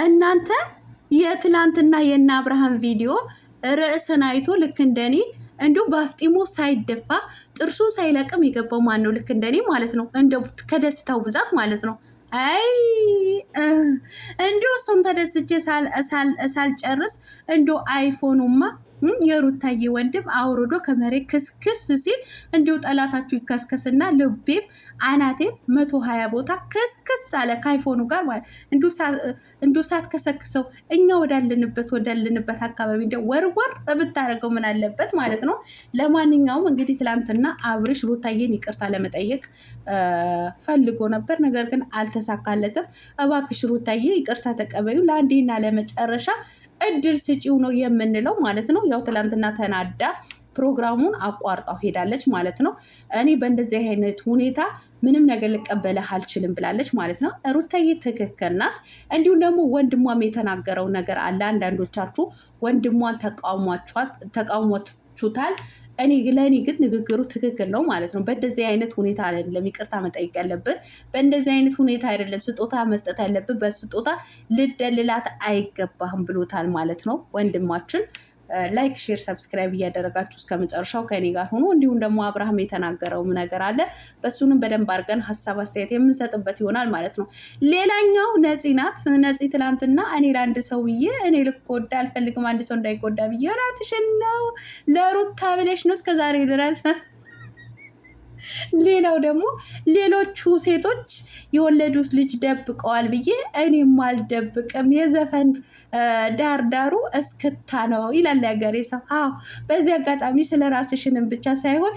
እናንተ የትላንትና የእነ አብርሃም ቪዲዮ ርዕስን አይቶ ልክ እንደኔ እንዲሁም በአፍጢሙ ሳይደፋ ጥርሱ ሳይለቅም የገባው ማን ነው? ልክ እንደኔ ማለት ነው። እንደ ከደስታው ብዛት ማለት ነው። አይ እንዲሁ እሱም ተደስቼ ሳልጨርስ እንዲ አይፎኑማ የሩታዬ ወንድም አውርዶ ከመሬት ክስክስ ሲል እንዲሁ ጠላታችሁ ይከስከስና ልቤም አናቴም መቶ ሀያ ቦታ ክስክስ አለ ከአይፎኑ ጋር ማለት እንዲሁ ከሰክሰው እኛ ወዳልንበት ወዳለንበት አካባቢ እንደ ወርወር ብታደርገው ምን አለበት ማለት ነው። ለማንኛውም እንግዲህ ትላንትና አብርሽ ሩታዬን ይቅርታ ለመጠየቅ ፈልጎ ነበር፣ ነገር ግን አልተሳካለትም። እባክሽ ሩታዬ ይቅርታ ተቀበዩ ለአንዴና ለመጨረሻ እድል ስጪው ነው የምንለው ማለት ነው። ያው ትላንትና ተናዳ ፕሮግራሙን አቋርጣው ሄዳለች ማለት ነው። እኔ በእንደዚህ አይነት ሁኔታ ምንም ነገር ልቀበልህ አልችልም ብላለች ማለት ነው። ሩታዬ ትክክል ናት። እንዲሁም ደግሞ ወንድሟም የተናገረው ነገር አለ። አንዳንዶቻችሁ ወንድሟን ተቃውሟችኋት ይችላችሁታል። እኔ ለእኔ ግን ንግግሩ ትክክል ነው ማለት ነው። በእንደዚህ አይነት ሁኔታ አይደለም ይቅርታ መጠየቅ ያለብን። በእንደዚህ አይነት ሁኔታ አይደለም ስጦታ መስጠት ያለብን። በስጦታ ልደልላት አይገባህም ብሎታል ማለት ነው ወንድማችን። ላይክ፣ ሼር፣ ሰብስክራይብ እያደረጋችሁ እስከ መጨረሻው ከኔ ጋር ሆኖ እንዲሁም ደግሞ አብርሃም የተናገረውም ነገር አለ። በእሱንም በደንብ አድርገን ሀሳብ አስተያየት የምንሰጥበት ይሆናል ማለት ነው። ሌላኛው ነፂ ናት። ነፂ ትላንትና እኔ ለአንድ ሰውዬ እኔ ልጎዳ አልፈልግም አንድ ሰው እንዳይጎዳ ብዬ ናትሽን ነው ለሩት ታብለሽ ነው እስከዛሬ ድረስ ሌላው ደግሞ ሌሎቹ ሴቶች የወለዱት ልጅ ደብቀዋል ብዬ እኔም አልደብቅም። የዘፈን ዳርዳሩ እስክታ ነው ይላል ያገሬ ሰው። አዎ በዚህ አጋጣሚ ስለ ራስሽንም ብቻ ሳይሆን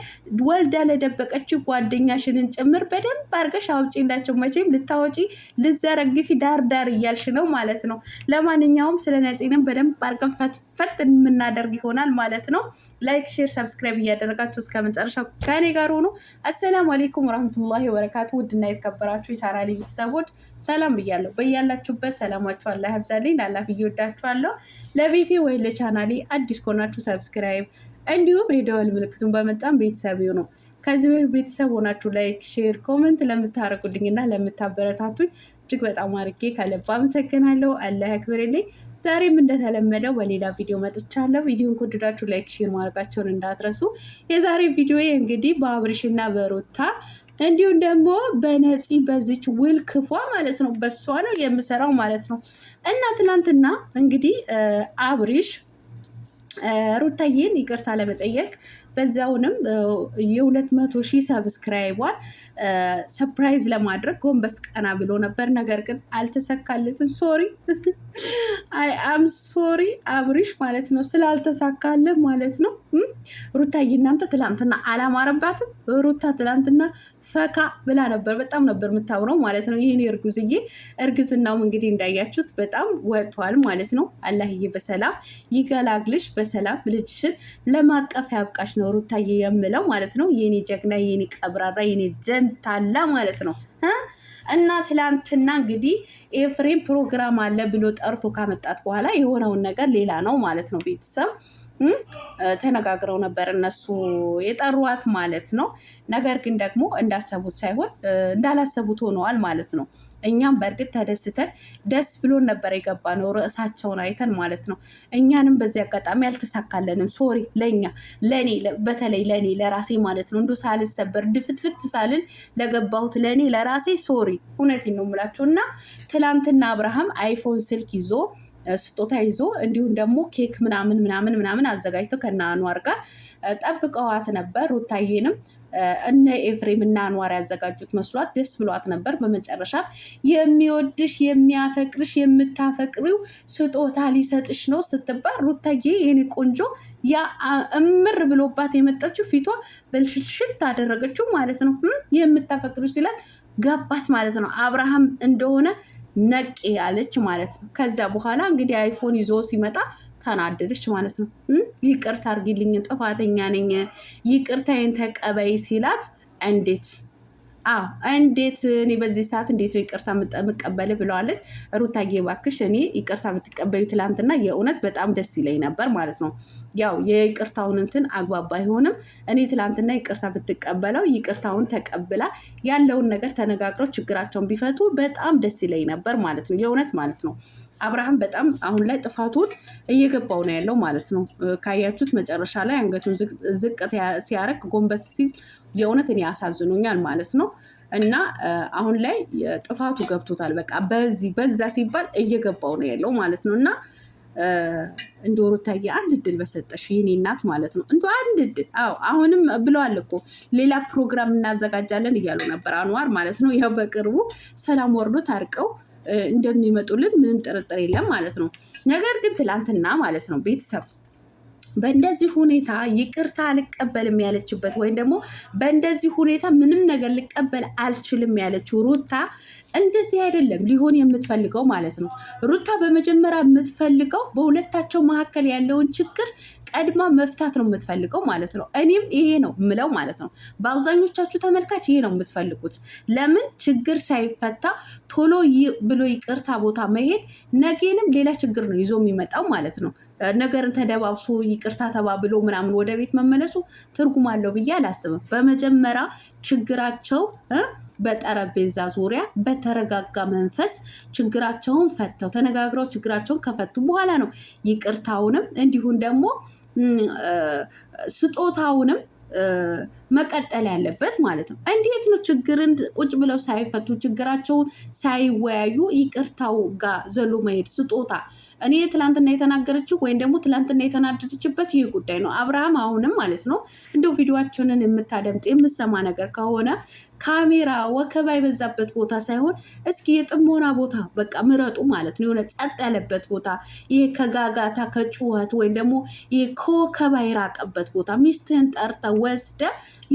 ወልዳ ለደበቀችው ጓደኛሽንን ጭምር በደንብ አድርገሽ አውጪላቸው። መቼም ልታወጪ ልዘረግፊ ዳርዳር እያልሽ ነው ማለት ነው። ለማንኛውም ስለ ነፂንም በደንብ አርገን ፈትፈት የምናደርግ ይሆናል ማለት ነው። ላይክ፣ ሼር፣ ሰብስክራይብ እያደረጋችሁ እስከ መጨረሻ ከኔ ጋር ሆኖ አሰላሙ አሌይኩም ወረህመቱላሂ ወበረካቱ። ውድና የተከበራችሁ የቻናሌ ቤተሰቦች ሰላም ብያለሁ። በያላችሁበት ሰላማችሁ አላህ ያብዛልኝ። ላላፍ እየወዳችኋለሁ። ለቤቴ ወይ ለቻናሌ አዲስ ከሆናችሁ ሰብስክራይብ፣ እንዲሁም የደወል ምልክቱን በመጫን ቤተሰብ ነው ከዚህ በፊት ቤተሰብ ሆናችሁ ላይክ፣ ሼር፣ ኮመንት ለምታረጉልኝና ለምታበረታቱኝ እጅግ በጣም አድርጌ ከልብ አመሰግናለሁ። አላህ ያክብርልኝ። ዛሬም እንደተለመደው በሌላ ቪዲዮ መጥቻለሁ። ቪዲዮን ከወደዳችሁ ላይክ፣ ሼር ማድረጋቸውን እንዳትረሱ። የዛሬ ቪዲዮ እንግዲህ በአብርሽና በሩታ እንዲሁም ደግሞ በነፂ በዚች ውል ክፏ ማለት ነው በሷ ነው የምሰራው ማለት ነው እና ትናንትና እንግዲህ አብርሽ ሩታዬን ይቅርታ ለመጠየቅ በዛውንም የሁለት መቶ ሺህ ሰብስክራይቧን ሰፕራይዝ ለማድረግ ጎንበስ ቀና ብሎ ነበር። ነገር ግን አልተሳካለትም። ሶሪ አይ አም ሶሪ አብሪሽ ማለት ነው ስላልተሳካልህ ማለት ነው። ሩታዬ እናንተ ትላንትና አላማረባትም። ሩታ ትላንትና ፈካ ብላ ነበር። በጣም ነበር የምታምረው ማለት ነው። ይህን እርጉዝዬ እርግዝናውም እንግዲህ እንዳያችሁት በጣም ወጥቷል ማለት ነው። አላህዬ በሰላም ይገላግልሽ፣ በሰላም ልጅሽን ለማቀፍ ያብቃሽ ነው ነው ሩታዬ የምለው ማለት ነው። የኔ ጀግና፣ የኔ ቀብራራ፣ የኔ ጀንታላ ማለት ነው እና ትላንትና እንግዲህ ኤፍሬም ፕሮግራም አለ ብሎ ጠርቶ ካመጣት በኋላ የሆነውን ነገር ሌላ ነው ማለት ነው ቤተሰብ ተነጋግረው ነበር እነሱ የጠሯት ማለት ነው። ነገር ግን ደግሞ እንዳሰቡት ሳይሆን እንዳላሰቡት ሆነዋል ማለት ነው። እኛም በእርግጥ ተደስተን ደስ ብሎን ነበር የገባ ነው ርዕሳቸውን አይተን ማለት ነው። እኛንም በዚህ አጋጣሚ አልተሳካለንም። ሶሪ ለእኛ ለእኔ በተለይ ለእኔ ለራሴ ማለት ነው እንዶ ሳልሰበር ድፍትፍት ሳልን ለገባሁት ለእኔ ለራሴ ሶሪ እውነቴን ነው የምላችሁ እና ትላንትና አብርሃም አይፎን ስልክ ይዞ ስጦታ ይዞ እንዲሁም ደግሞ ኬክ ምናምን ምናምን ምናምን አዘጋጅተው ከነ ጋር ጠብቀዋት ነበር። ሩታዬንም እነ ኤፍሬም እና አንዋር ያዘጋጁት መስሏት ደስ ብሏት ነበር። በመጨረሻ የሚወድሽ የሚያፈቅርሽ የምታፈቅሪው ስጦታ ሊሰጥሽ ነው ስትባል ሩታዬ የኔ ቆንጆ ያ እምር ብሎባት የመጣችው ፊቷ በልሽልሽት አደረገችው ማለት ነው። የምታፈቅሪው ሲላት ገባት ማለት ነው። አብርሃም እንደሆነ ነቅ ያለች ማለት ነው። ከዛ በኋላ እንግዲህ አይፎን ይዞ ሲመጣ ተናደደች ማለት ነው። ይቅርታ አድርጊልኝ ጥፋተኛ ነኝ፣ ይቅርታዬን ተቀበይ ሲላት እንዴት አዎ እንዴት እኔ በዚህ ሰዓት እንዴት ነው ይቅርታ የምቀበል ብለዋለች ሩታጌ። እባክሽ እኔ ይቅርታ የምትቀበዩ ትላንትና የእውነት በጣም ደስ ይለኝ ነበር ማለት ነው። ያው የይቅርታውን እንትን አግባብ አይሆንም። እኔ ትላንትና ይቅርታ ብትቀበለው ይቅርታውን ተቀብላ ያለውን ነገር ተነጋግረው ችግራቸውን ቢፈቱ በጣም ደስ ይለኝ ነበር ማለት ነው። የእውነት ማለት ነው። አብርሃም በጣም አሁን ላይ ጥፋቱን እየገባው ነው ያለው ማለት ነው። ካያችሁት መጨረሻ ላይ አንገቱን ዝቅ ሲያረግ ጎንበስ ሲል የእውነት እኔ ያሳዝኑኛል ማለት ነው። እና አሁን ላይ ጥፋቱ ገብቶታል። በቃ በዚህ በዛ ሲባል እየገባው ነው ያለው ማለት ነው። እና እንደ ሩታዬ አንድ እድል በሰጠሽ የኔ እናት ማለት ነው እንደ አንድ እድል። አዎ አሁንም ብለዋል እኮ ሌላ ፕሮግራም እናዘጋጃለን እያሉ ነበር አንዋር ማለት ነው። ያው በቅርቡ ሰላም ወርዶ ታርቀው እንደሚመጡልን ምንም ጥርጥር የለም ማለት ነው። ነገር ግን ትላንትና ማለት ነው ቤተሰብ በእንደዚህ ሁኔታ ይቅርታ አልቀበልም ያለችበት ወይም ደግሞ በእንደዚህ ሁኔታ ምንም ነገር ልቀበል አልችልም ያለችው ሩታ እንደዚህ አይደለም ሊሆን የምትፈልገው ማለት ነው። ሩታ በመጀመሪያ የምትፈልገው በሁለታቸው መካከል ያለውን ችግር ቀድማ መፍታት ነው የምትፈልገው ማለት ነው። እኔም ይሄ ነው ምለው ማለት ነው። በአብዛኞቻችሁ ተመልካች ይሄ ነው የምትፈልጉት። ለምን ችግር ሳይፈታ ቶሎ ብሎ ይቅርታ ቦታ መሄድ ነገንም ሌላ ችግር ነው ይዞ የሚመጣው ማለት ነው። ነገርን ተደባብሶ ይቅርታ ተባብሎ ምናምን ወደ ቤት መመለሱ ትርጉም አለው ብዬ አላስብም። በመጀመሪያ ችግራቸው በጠረጴዛ ዙሪያ በተረጋጋ መንፈስ ችግራቸውን ፈተው ተነጋግረው ችግራቸውን ከፈቱ በኋላ ነው ይቅርታውንም እንዲሁም ደግሞ ስጦታውንም መቀጠል ያለበት ማለት ነው። እንዴት ነው ችግርን ቁጭ ብለው ሳይፈቱ ችግራቸውን ሳይወያዩ ይቅርታው ጋር ዘሎ መሄድ ስጦታ እኔ ትላንትና የተናገረችው ወይም ደግሞ ትላንትና የተናደደችበት ይህ ጉዳይ ነው። አብርሃም አሁንም ማለት ነው እንደው ቪዲዮችንን የምታደምጥ የምሰማ ነገር ከሆነ ካሜራ ወከባ የበዛበት ቦታ ሳይሆን እስኪ የጥሞና ቦታ በቃ ምረጡ ማለት ነው። የሆነ ጸጥ ያለበት ቦታ፣ ይሄ ከጋጋታ ከጩኸት ወይም ደግሞ ይሄ ከወከባ የራቀበት ቦታ ሚስትህን ጠርተ ወስደ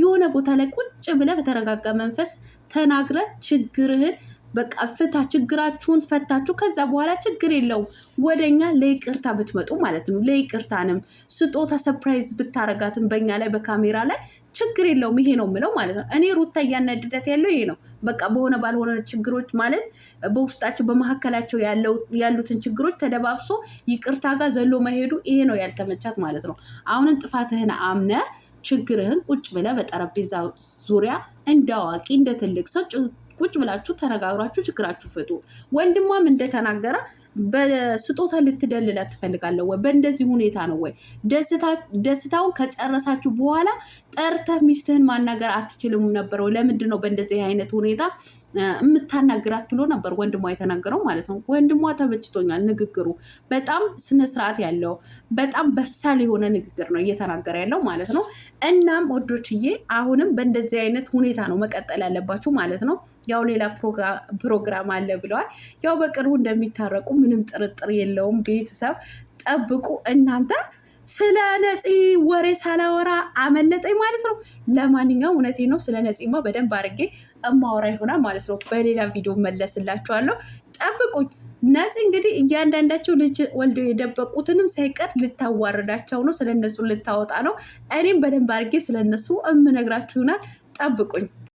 የሆነ ቦታ ላይ ቁጭ ብለ በተረጋጋ መንፈስ ተናግረ ችግርህን በቃ ፍታ ችግራችሁን ፈታችሁ ከዛ በኋላ ችግር የለውም ወደ እኛ ለይቅርታ ብትመጡ ማለት ነው። ለይቅርታንም ስጦታ ሰፕራይዝ ብታረጋትም በእኛ ላይ በካሜራ ላይ ችግር የለውም። ይሄ ነው የምለው ማለት ነው። እኔ ሩታ እያናደዳት ያለው ይሄ ነው። በቃ በሆነ ባልሆነ ችግሮች ማለት በውስጣቸው በመካከላቸው ያሉትን ችግሮች ተደባብሶ ይቅርታ ጋር ዘሎ መሄዱ ይሄ ነው ያልተመቻት ማለት ነው። አሁንም ጥፋትህን አምነ ችግርህን ቁጭ ብለህ በጠረጴዛ ዙሪያ እንደ አዋቂ እንደ ትልቅ ሰው ቁጭ ብላችሁ ተነጋግራችሁ ችግራችሁ ፍቱ። ወንድሟም እንደተናገረ በስጦታ ልትደልላት ትፈልጋለ ወይ? በእንደዚህ ሁኔታ ነው ወይ? ደስታውን ከጨረሳችሁ በኋላ ጠርተህ ሚስትህን ማናገር አትችልም ነበረው ለምንድነው ለምንድን ነው በእንደዚህ አይነት ሁኔታ የምታናግራት ብሎ ነበር ወንድሟ የተናገረው ማለት ነው። ወንድሟ ተመችቶኛል ንግግሩ በጣም ስነስርዓት ያለው በጣም በሳል የሆነ ንግግር ነው እየተናገረ ያለው ማለት ነው። እናም ወዶችዬ አሁንም በእንደዚህ አይነት ሁኔታ ነው መቀጠል ያለባችሁ ማለት ነው። ያው ሌላ ፕሮግራም አለ ብለዋል። ያው በቅርቡ እንደሚታረቁ ምንም ጥርጥር የለውም። ቤተሰብ ጠብቁ እናንተ ስለ ነፂ ወሬ ሳላወራ አመለጠኝ ማለት ነው። ለማንኛውም እውነቴ ነው። ስለ ነፂማ በደንብ አድርጌ እማወራ ይሆናል ማለት ነው። በሌላ ቪዲዮ መለስላችኋለሁ፣ ጠብቁኝ። ነፂ እንግዲህ እያንዳንዳቸው ልጅ ወልደው የደበቁትንም ሳይቀር ልታዋርዳቸው ነው፣ ስለነሱ ልታወጣ ነው። እኔም በደንብ አድርጌ ስለነሱ እምነግራችሁ ይሆናል፣ ጠብቁኝ።